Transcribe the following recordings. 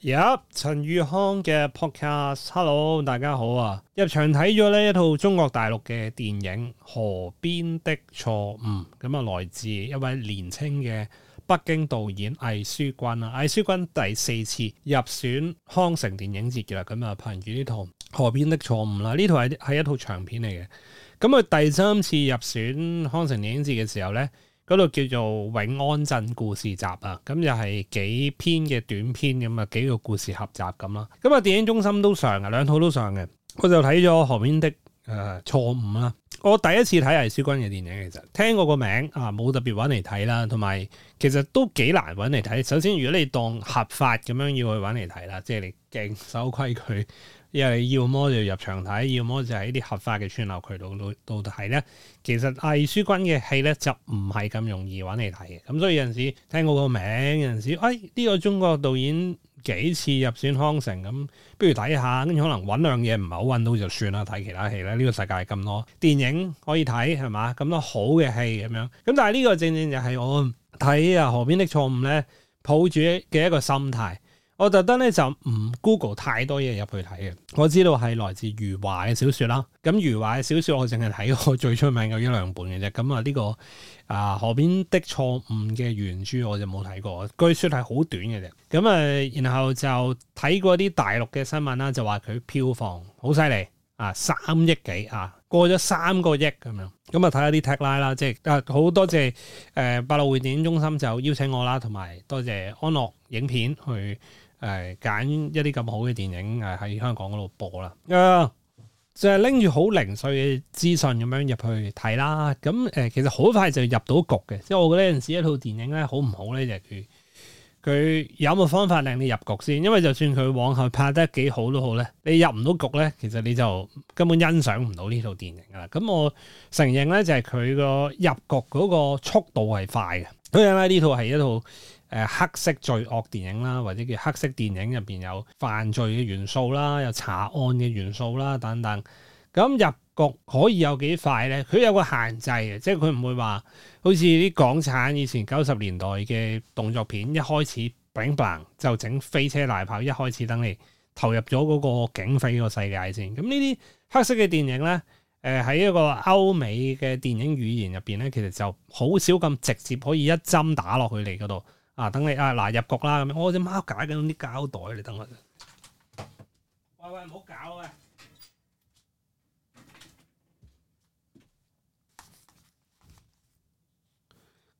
入陳宇康嘅 podcast，Hello，大家好啊！入場睇咗呢一套中國大陸嘅電影《河邊的錯誤》，咁啊來自一位年青嘅北京導演魏書鈞啊。魏書鈞第四次入選康城電影節啦，咁啊憑住呢套《河邊的錯誤》啦，呢套係係一套長片嚟嘅。咁佢第三次入選康城電影節嘅時候咧。嗰度叫做永安鎮故事集啊，咁又係幾篇嘅短篇咁啊，幾個故事合集咁咯。咁啊，電影中心都上啊，兩套都上嘅。我就睇咗《河邊的誒錯誤》啦。我第一次睇魏書鈞嘅電影，其實聽過個名啊，冇特別揾嚟睇啦。同埋其實都幾難揾嚟睇。首先，如果你當合法咁樣要去揾嚟睇啦，即係你勁守規矩。因為要麼就要入場睇，要麼就喺啲合法嘅串流渠道度度睇咧。其實魏書君嘅戲咧就唔係咁容易揾你睇嘅。咁所以有陣時聽過個名，有陣時，哎呢個中國導演幾次入選康城咁，不如睇下。跟住可能揾兩嘢唔係好揾到就算啦，睇其他戲咧。呢個世界咁多電影可以睇，係嘛？咁多好嘅戲咁樣。咁但係呢個正正就係我睇呀《河邊的錯誤》咧，抱住嘅一個心態。我特登咧就唔 Google 太多嘢入去睇嘅，我知道係來自余華嘅小説啦。咁余華嘅小説我淨係睇過最出名嘅一兩本嘅啫。咁啊呢個啊河邊的錯誤嘅原著我就冇睇過，據説係好短嘅啫。咁誒，然後就睇過啲大陸嘅新聞啦，就話佢票房好犀利啊，三億幾啊，過咗三個億咁樣。咁啊睇下啲 tagline 啦，即係啊好多謝誒百老匯電影中心就邀請我啦，同埋多謝安樂影片去。誒、揀、哎、一啲咁好嘅電影誒喺、啊、香港嗰度播啦，誒、呃、就係拎住好零碎嘅資訊咁樣入去睇啦。咁、嗯、誒、呃、其實好快就入到局嘅，即係我覺得嗰陣時一套電影咧好唔好咧就係佢、是、佢有冇方法令你入局先？因為就算佢往後拍得幾好都好咧，你入唔到局咧，其實你就根本欣賞唔到呢套電影噶啦。咁、嗯、我承認咧就係、是、佢個入局嗰個速度係快嘅，咁樣咧呢套係一套。誒、呃、黑色罪惡電影啦，或者叫黑色電影入邊有犯罪嘅元素啦，有查案嘅元素啦，等等。咁、嗯、入局可以有幾快咧？佢有個限制嘅，即係佢唔會話好似啲港產以前九十年代嘅動作片，一開始 bang bang 就整飛車大炮，一開始等你投入咗嗰個警匪個世界先。咁呢啲黑色嘅電影咧，誒、呃、喺一個歐美嘅電影語言入邊咧，其實就好少咁直接可以一針打落去嚟嗰度。啊，等你啊，嗱入局啦咁樣。我隻貓解緊啲膠袋，你等我。喂喂，唔好搞啊！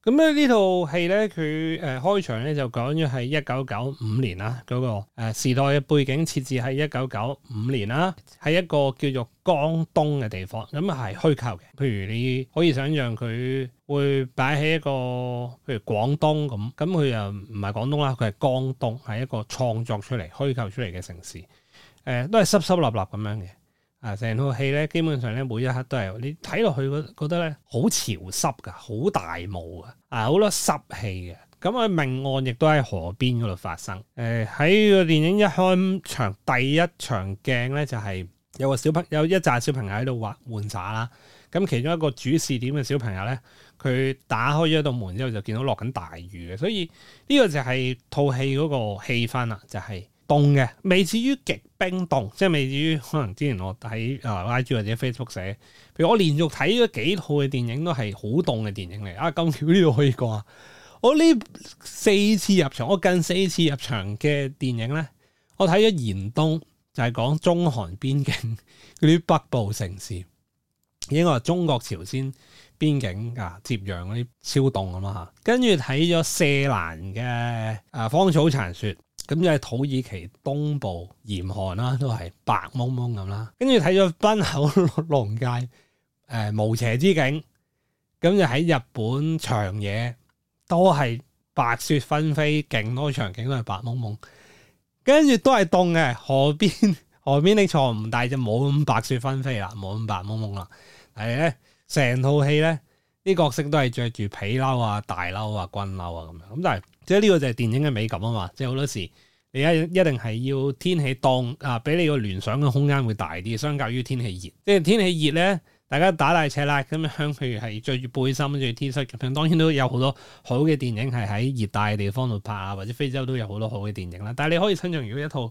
咁咧呢套戲咧，佢誒、開場咧就講咗係一九九五年啦，嗰個誒、時代嘅背景設置喺一九九五年啦，喺一個叫做江東嘅地方，咁啊係虛構嘅。譬如你可以想象佢。會擺喺一個譬如廣東咁，咁佢又唔係廣東啦，佢係江東，係一個創作出嚟、虛構出嚟嘅城市。誒、呃，都係濕濕立立咁樣嘅。啊，成套戲咧，基本上咧每一刻都係你睇落去，覺得咧好潮濕㗎，好大霧啊，好多濕氣嘅。咁、呃、佢命案亦都喺河邊嗰度發生。誒、呃，喺個電影一開場第一場鏡咧，就係、是、有個小朋有一扎小朋友喺度玩玩耍啦。咁其中一個主視點嘅小朋友咧。佢打開咗一道門之後，就見到落緊大雨嘅，所以呢個就係套戲嗰個氣氛啦，就係凍嘅，未至於極冰凍，即係未至於可能之前我睇啊 IG 或者 Facebook 寫，譬如我連續睇咗幾套嘅電影都係好凍嘅電影嚟，啊今次都要可以過啊！我呢四次入場，我近四次入場嘅電影咧，我睇咗嚴冬，就係講中韓邊境嗰啲北部城市，應該話中國朝鮮。邊境啊，接壤嗰啲超凍咁啊，跟住睇咗錫蘭嘅啊荒草殘雪，咁就係土耳其東部嚴寒啦，都係白蒙蒙咁啦。跟住睇咗濱口龍介誒無邪之境。咁就喺日本長野都係白雪紛飛，勁多場景都係白蒙蒙。跟住都係凍嘅。河邊河邊嘅錯誤唔大就冇咁白雪紛飛啦，冇咁白蒙蒙啦，係咧。成套戲咧，呢角色都係着住皮褸啊、大褸啊、軍褸啊咁樣。咁但係即係呢個就係電影嘅美感啊嘛。即係好多時你一一定係要天氣凍啊，俾你個聯想嘅空間會大啲。相較於天氣熱，即係天氣熱咧，大家打大赤辣咁樣，譬如係着住背心、著住 T 恤咁樣。當然都有好多好嘅電影係喺熱帶嘅地方度拍啊，或者非洲都有好多好嘅電影啦。但係你可以想像，呃，如果一套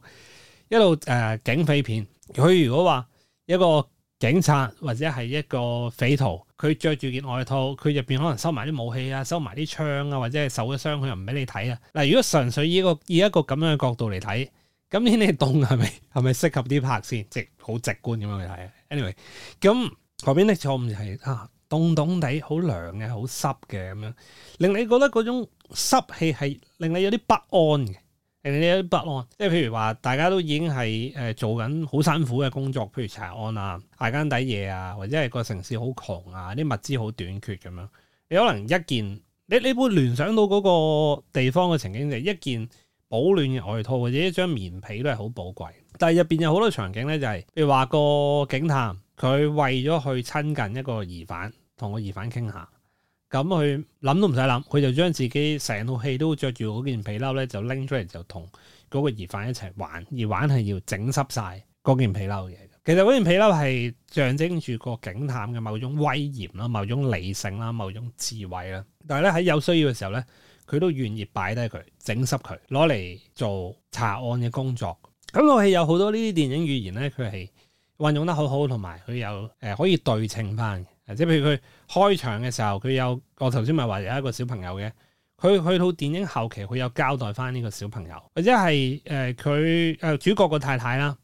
一套誒警匪片，佢如果話一個。警察或者係一個匪徒，佢着住件外套，佢入邊可能收埋啲武器啊，收埋啲槍啊，或者係受咗傷，佢又唔俾你睇啊。嗱，如果純粹依個以一個咁樣嘅角度嚟睇，今天你凍係咪係咪適合啲拍先？即好直觀咁樣去睇。啊。Anyway，咁河邊嘅錯誤就係啊，凍凍地，好涼嘅，好濕嘅咁樣，令你覺得嗰種濕氣係令你有啲不安嘅。你呢一不安，即係譬如話，大家都已經係誒做緊好辛苦嘅工作，譬如查案啊、捱更抵夜啊，或者係個城市好窮啊、啲物資好短缺咁樣，你可能一件，你你會聯想到嗰個地方嘅情景，就一件保暖嘅外套或者一張棉被都係好寶貴。但係入邊有好多場景咧、就是，就係譬如話個警探佢為咗去親近一個疑犯，同個疑犯傾下。咁佢諗都唔使諗，佢就將自己成套戲都着住嗰件皮褸咧，就拎出嚟就同嗰個疑犯一齊玩。而玩係要整濕晒嗰件皮褸嘅。其實嗰件皮褸係象徵住個警探嘅某種威嚴啦、某種理性啦、某種智慧啦。但係咧，喺有需要嘅時候咧，佢都願意擺低佢，整濕佢，攞嚟做查案嘅工作。咁套戲有好多呢啲電影語言咧，佢係運用得好好，同埋佢有誒、呃、可以對稱翻。即係譬如佢開場嘅時候，佢有我頭先咪話有一個小朋友嘅，佢去套電影後期，佢有交代翻呢個小朋友，或者係誒佢誒主角嘅太太啦，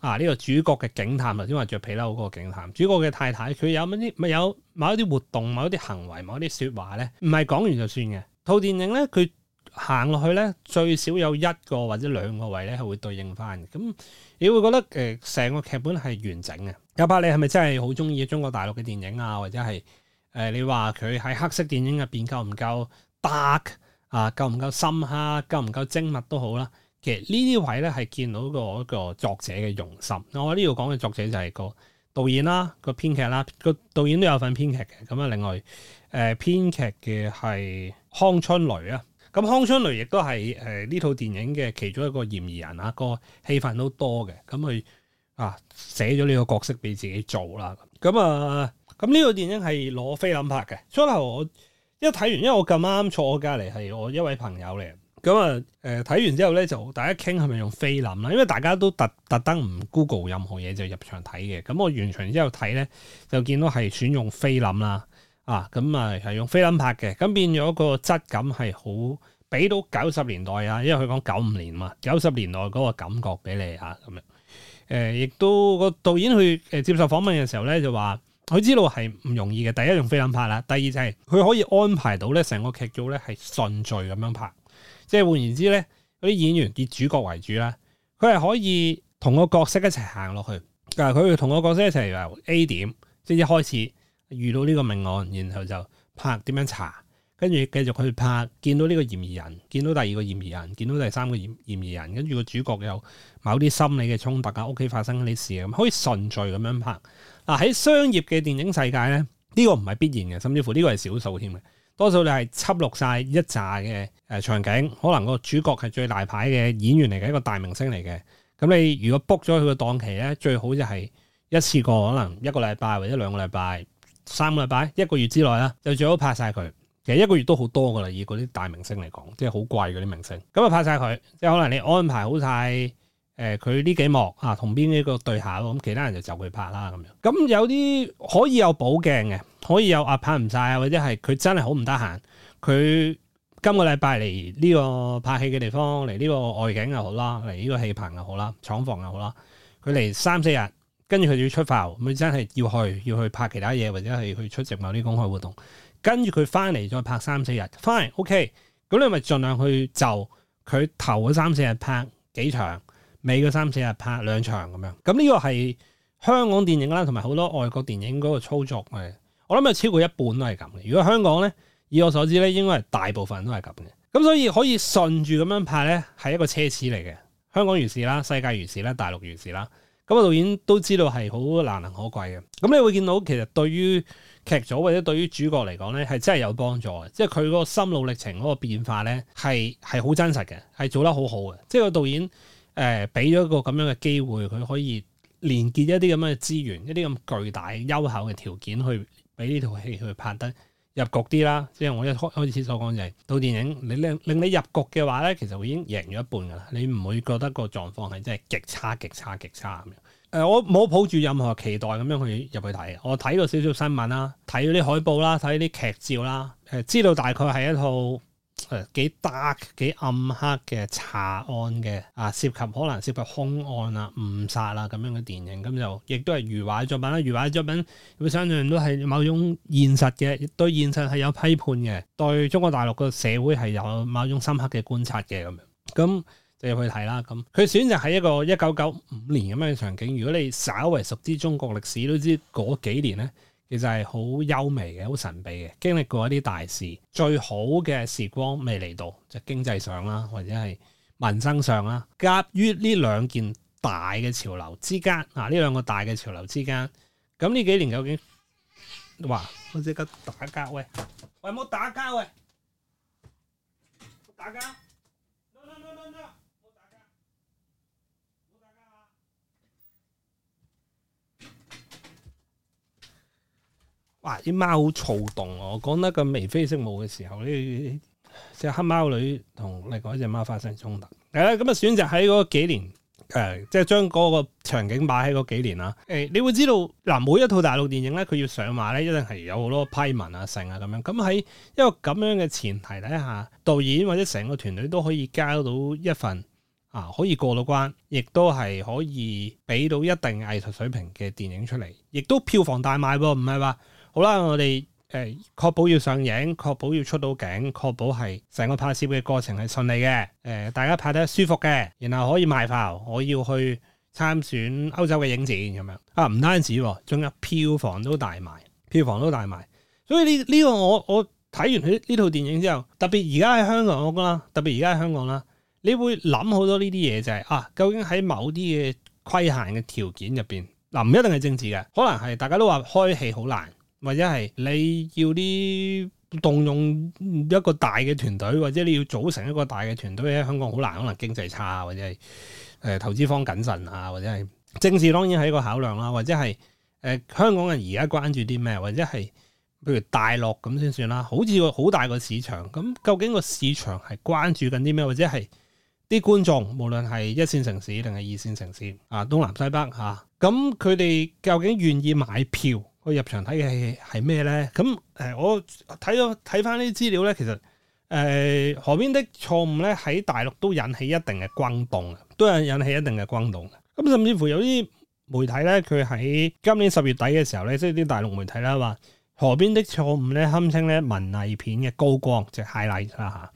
啊呢、這個主角嘅警探啦，頭先話着皮褸嗰個警探，主角嘅太太佢有乜啲咪有某一啲活動、某一啲行為、某一啲說話咧，唔係講完就算嘅，套電影咧，佢行落去咧，最少有一個或者兩個位咧係會對應翻，咁你會覺得誒成、呃、個劇本係完整嘅。有排你係咪真係好中意中國大陸嘅電影啊？或者係誒、呃、你話佢喺黑色電影入邊夠唔夠 dark 啊？夠唔夠深刻？夠唔夠精密都好啦。其實呢啲位咧係見到個一個作者嘅用心。我呢度講嘅作者就係個導演啦、啊，個編劇啦、啊，個導演都有份編劇嘅。咁啊，另外誒、呃、編劇嘅係康春雷啊。咁康春雷亦都係誒呢套電影嘅其中一個嫌疑人啊，個戲份都多嘅。咁佢。啊！寫咗呢個角色俾自己做啦。咁、嗯、啊，咁、這、呢個電影係攞菲林拍嘅。初頭我一睇完，因為我咁啱坐我隔籬係我一位朋友嚟。咁、嗯、啊，誒、嗯、睇完之後咧就大家傾係咪用菲林啦？因為大家都特特登唔 Google 任何嘢就入場睇嘅。咁我完場之後睇咧就見到係選用菲林啦。啊，咁、嗯、啊係用菲林拍嘅。咁變咗個質感係好，俾到九十年代啊，因為佢講九五年嘛，九十年代嗰個感覺俾你吓咁樣。啊嗯誒，亦都、嗰個導演去誒接受訪問嘅時候咧，就話佢知道係唔容易嘅。第一用菲林拍啦，第二就係佢可以安排到咧成個劇組咧係順序咁樣拍。即係換言之咧，嗰啲演員以主角為主啦，佢係可以同個角色一齊行落去。但係佢要同個角色一齊由 A 點即係開始遇到呢個命案，然後就拍點樣查。跟住繼續去拍，見到呢個嫌疑人，見到第二個嫌疑人，見到第三個嫌嫌疑人，跟住個主角有某啲心理嘅衝突啊，屋企發生啲事啊，咁可以順序咁樣拍。嗱、啊、喺商業嘅電影世界咧，呢、呢個唔係必然嘅，甚至乎呢個係少數添嘅。多數你係輯錄晒一紮嘅誒場景，可能個主角係最大牌嘅演員嚟嘅，一個大明星嚟嘅。咁你如果 book 咗佢個檔期咧，最好就係一次過可能一個禮拜或者兩個禮拜、三個禮拜、一個月之內啦，就最好拍晒佢。其實一個月都好多噶啦，以嗰啲大明星嚟講，即係好貴嗰啲明星，咁、嗯、啊拍晒佢，即係可能你安排好晒，誒，佢呢幾幕啊，同邊一個對下咯，咁其他人就就去拍啦咁樣。咁、嗯、有啲可以有補鏡嘅，可以有壓、啊、拍唔晒啊，或者係佢真係好唔得閒，佢今個禮拜嚟呢個拍戲嘅地方，嚟呢個外景又好啦，嚟呢個戲棚又好啦，廠房又好啦，佢嚟三四日，跟住佢就要出發，佢真係要去要去拍其他嘢，或者係去出席某啲公開活動。跟住佢翻嚟再拍三四日，翻嚟，OK，咁你咪盡量去就佢頭嗰三四日拍幾場，尾嗰三四日拍兩場咁樣。咁呢個係香港電影啦，同埋好多外國電影嗰個操作，係我諗有超過一半都係咁嘅。如果香港咧，以我所知咧，應該係大部分都係咁嘅。咁所以可以順住咁樣拍咧，係一個奢侈嚟嘅。香港如是啦，世界如是啦，大陸如是啦。咁啊，導演都知道係好難能可貴嘅。咁你會見到其實對於。劇組或者對於主角嚟講咧，係真係有幫助嘅。即係佢嗰個心路歷程嗰個變化咧，係係好真實嘅，係做得好好嘅。即係個導演誒，呃，俾咗一個咁樣嘅機會，佢可以連結一啲咁樣嘅資源，一啲咁巨大優厚嘅條件去俾呢套戲去拍得入局啲啦。即係我一開開始所講就係，到電影你令令你入局嘅話咧，其實已經贏咗一半噶啦。你唔會覺得個狀況係真係極差、極差、極差咁樣。誒、嗯，我冇抱住任何期待咁樣去入去睇。我睇到少少新聞啦，睇啲海報啦，睇啲劇照啦。誒、呃，知道大概係一套誒幾 dark、幾暗黑嘅查案嘅啊，涉及可能涉及凶案啊、誤殺啊咁樣嘅電影。咁就亦都係余華嘅作品啦。余華嘅作品會相對都係某種現實嘅，對現實係有批判嘅，對中國大陸個社會係有某種深刻嘅觀察嘅咁樣。咁你去睇啦，咁佢選擇喺一個一九九五年咁樣嘅場景。如果你稍為熟知中國歷史都知，嗰幾年咧其實係好幽微嘅、好神秘嘅。經歷過一啲大事，最好嘅時光未嚟到，就係、是、經濟上啦，或者係民生上啦。夾於呢兩件大嘅潮流之間，嗱、啊、呢兩個大嘅潮流之間，咁呢幾年究竟話好似得打交嘅，喂，冇打交嘅，打交。哇！啲貓好躁動，我講得咁眉飛色舞嘅時候，呢隻黑貓女同另外嗰隻貓發生衝突。係啦、嗯，咁、嗯、啊選擇喺嗰幾年，誒、呃，即係將嗰個場景擺喺嗰幾年啦。誒、欸，你會知道嗱，每一套大陸電影咧，佢要上馬咧，一定係有好多批文啊、成啊咁樣。咁、嗯、喺一個咁樣嘅前提底下，導演或者成個團隊都可以交到一份啊，可以過到關，亦都係可以俾到一定藝術水平嘅電影出嚟，亦都票房大賣喎，唔係話。好啦，我哋誒、呃、確保要上映，確保要出到鏡，確保係成個拍攝嘅過程係順利嘅，誒、呃、大家拍得舒服嘅，然後可以賣票，我要去參選歐洲嘅影展咁樣啊！唔單止、哦，仲有票房都大賣，票房都大賣。所以呢呢個我我睇完佢呢套電影之後，特別而家喺香港啦，特別而家喺香港啦，你會諗好多呢啲嘢就係、是、啊，究竟喺某啲嘅規限嘅條件入邊，嗱、啊、唔一定係政治嘅，可能係大家都話開戲好難。或者係你要啲動用一個大嘅團隊，或者你要組成一個大嘅團隊喺香港好難，可能經濟差，或者係誒投資方謹慎啊，或者係政治當然係一個考量啦，或者係誒、呃、香港人而家關注啲咩，或者係譬如大陸咁先算啦，好似個好大個市場，咁究竟個市場係關注緊啲咩，或者係啲觀眾，無論係一線城市定係二線城市啊，東南西北嚇，咁佢哋究竟願意買票，我入場睇嘅戲係咩咧？咁誒、呃，我睇咗睇翻啲資料咧，其實誒、呃《河邊的錯誤》呢咧喺大陸都引起一定嘅轟動啊，都有引起一定嘅轟動。咁甚至乎有啲媒體咧，佢喺今年十月底嘅時候咧，即係啲大陸媒體啦，話《河邊的錯誤》呢咧堪稱咧文藝片嘅高光，即係 highlight 啦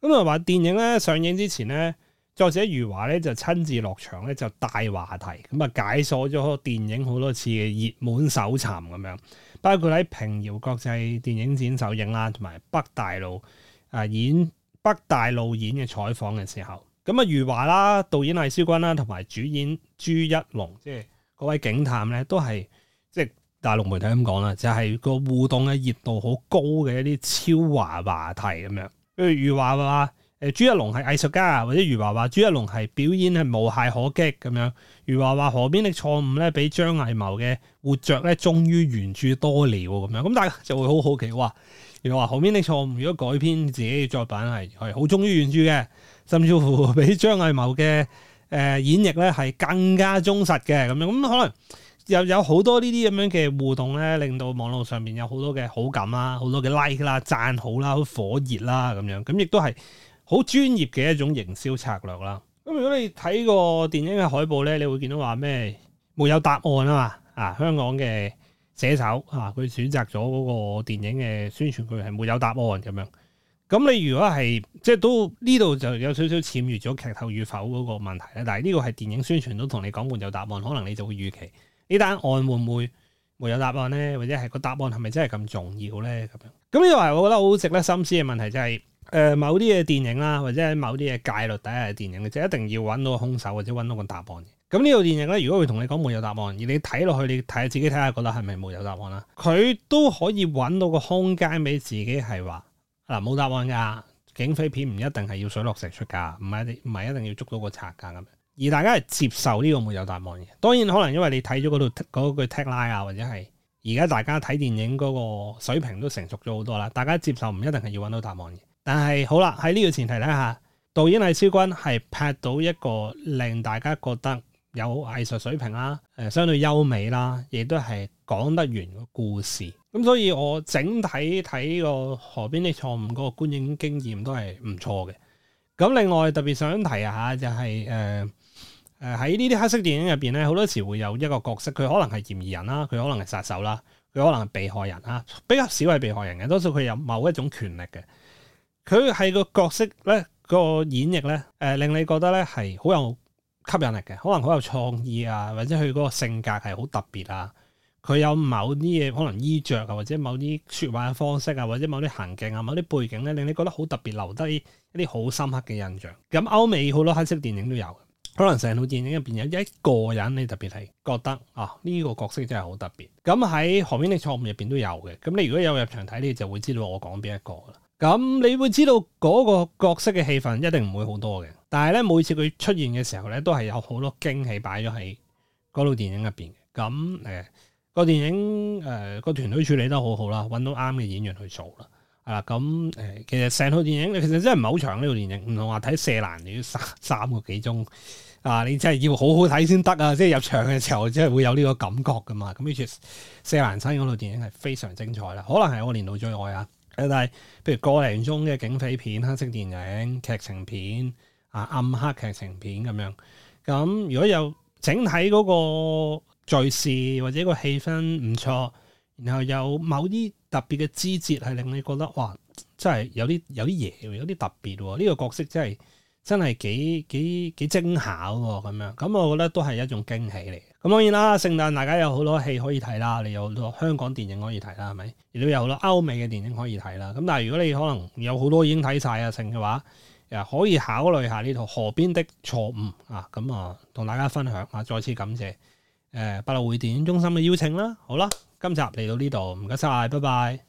嚇。咁又話電影咧上映之前咧，作者余華咧就親自落場咧就帶話題，咁啊解鎖咗電影好多次嘅熱門搜尋咁樣，包括喺平遙國際電影展首映啦，同埋北大路啊演北大路演嘅採訪嘅時候，咁啊余華啦導演魏書鈞啦同埋主演朱一龍，即係嗰位警探咧都係即係大陸媒體咁講啦，就係個互動嘅熱度好高嘅一啲超華話題咁樣，譬如余華話。誒，朱一龍係藝術家啊，或者余華話朱一龍係表演係無懈可擊咁樣。余華話，河邊的錯誤咧，比張藝謀嘅活着咧，忠於原著多了咁樣。咁大家就會好好奇，哇！如話話河邊的錯誤如果改編自己嘅作品係係好忠於原著嘅，甚至乎比張藝謀嘅誒、呃、演繹咧係更加忠實嘅咁樣。咁可能又有好多呢啲咁樣嘅互動咧，令到網絡上面有好多嘅好感啦、多 like, 好多嘅 like 啦、讚好啦、好火熱啦咁樣。咁亦都係。好專業嘅一種營銷策略啦。咁如果你睇過電影嘅海報咧，你會見到話咩？沒有答案啊嘛！啊，香港嘅寫手啊，佢選擇咗嗰個電影嘅宣傳句係沒有答案咁樣。咁你如果係即係都呢度就有少少僭越咗劇透與否嗰個問題咧。但係呢個係電影宣傳都同你講沒有答案，可能你就會預期呢單案會唔會沒有答案咧，或者係個答案係咪真係咁重要咧？咁樣咁呢個係我覺得好值得深思嘅問題、就是，就係。誒、呃、某啲嘅電影啦，或者喺某啲嘅戒律底下嘅電影，其實一定要揾到個兇手或者揾到個答案嘅。咁呢套電影咧，如果佢同你講冇有答案，而你睇落去，你睇下自己睇下覺得係咪冇有答案啦？佢都可以揾到個空間俾自己係話嗱冇答案㗎。警匪片唔一定係要水落石出㗎，唔係唔係一定要捉到個賊㗎咁而大家係接受呢個冇有答案嘅。當然可能因為你睇咗嗰度嗰句 tag line 啊，或者係而家大家睇電影嗰個水平都成熟咗好多啦，大家接受唔一定係要揾到答案嘅。但係好啦，喺呢個前提底下，導演魏書鈞係拍到一個令大家覺得有藝術水平啦，誒、呃、相對優美啦，亦都係講得完個故事。咁所以我整體睇個《河邊的錯誤》嗰個觀影經驗都係唔錯嘅。咁另外特別想提下就係誒誒喺呢啲黑色電影入邊咧，好多時會有一個角色，佢可能係嫌疑人啦，佢可能係殺手啦，佢可能係被害人啦，比較少係被害人嘅，多數佢有某一種權力嘅。佢係個角色咧，個演繹咧，誒，令你覺得咧係好有吸引力嘅，可能好有創意啊，或者佢嗰個性格係好特別啊，佢有某啲嘢，可能衣着啊，或者某啲說話嘅方式啊，或者某啲行徑啊，某啲背景咧，令你覺得好特別，留低一啲好深刻嘅印象。咁歐美好多黑色電影都有，可能成套電影入邊有一個人你特別係覺得啊，呢個角色真係好特別。咁喺《河邊的錯誤》入邊都有嘅，咁你如果有入場睇，你就會知道我講邊一個啦。咁、嗯、你會知道嗰個角色嘅戲份一定唔會好多嘅，但係咧每次佢出現嘅時候咧，都係有好多驚喜擺咗喺嗰套電影入邊嘅。咁、嗯、誒、嗯個電影誒、呃個團隊處理得好好啦，搵到啱嘅演員去做啦。係、嗯、啦，咁、嗯、誒、嗯，其實成套電影其實真係唔係好長呢套電影，唔同話睇《射難》你要三三個幾鐘啊，你真係要好好睇先得啊！即係入場嘅時候，真係會有呢個感覺噶嘛。咁呢次《射難》新嗰套電影係非常精彩啦，可能係我年度最愛啊！誒，但係譬如個零鐘嘅警匪片、黑色電影、劇情片啊、暗黑劇情片咁樣，咁、嗯、如果有整體嗰個敘事或者個氣氛唔錯，然後有某啲特別嘅枝節係令你覺得哇，真係有啲有啲嘢，有啲特別喎、哦，呢、這個角色真係～真係幾幾幾精巧喎，咁樣咁我覺得都係一種驚喜嚟。咁當然啦，聖誕大家有好多戲可以睇啦，你有好多香港電影可以睇啦，係咪？亦都有好多歐美嘅電影可以睇啦。咁但係如果你可能有好多已經睇晒啊聖嘅話，可以考慮下呢套《河邊的錯誤》啊。咁啊，同大家分享啊，再次感謝誒百老匯電影中心嘅邀請啦。好啦，今集嚟到呢度，唔該晒，拜拜。